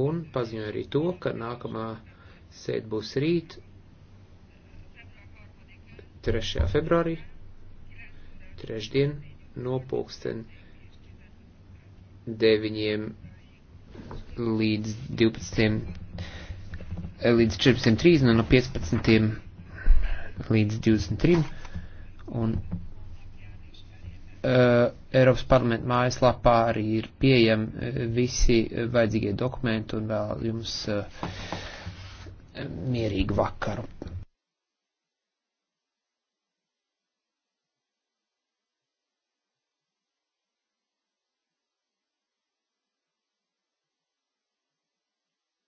un paziņoju arī to, ka nākamā sēd būs rīt, 3. februārī, trešdien, no pulksten 9 līdz 12. līdz 14.30 un no 15. līdz 23. un Eiropas parlamenta mājaslapā arī ir pieejami e, visi e, vajadzīgie dokumenti un vēl jums e, mierīgu vakaru.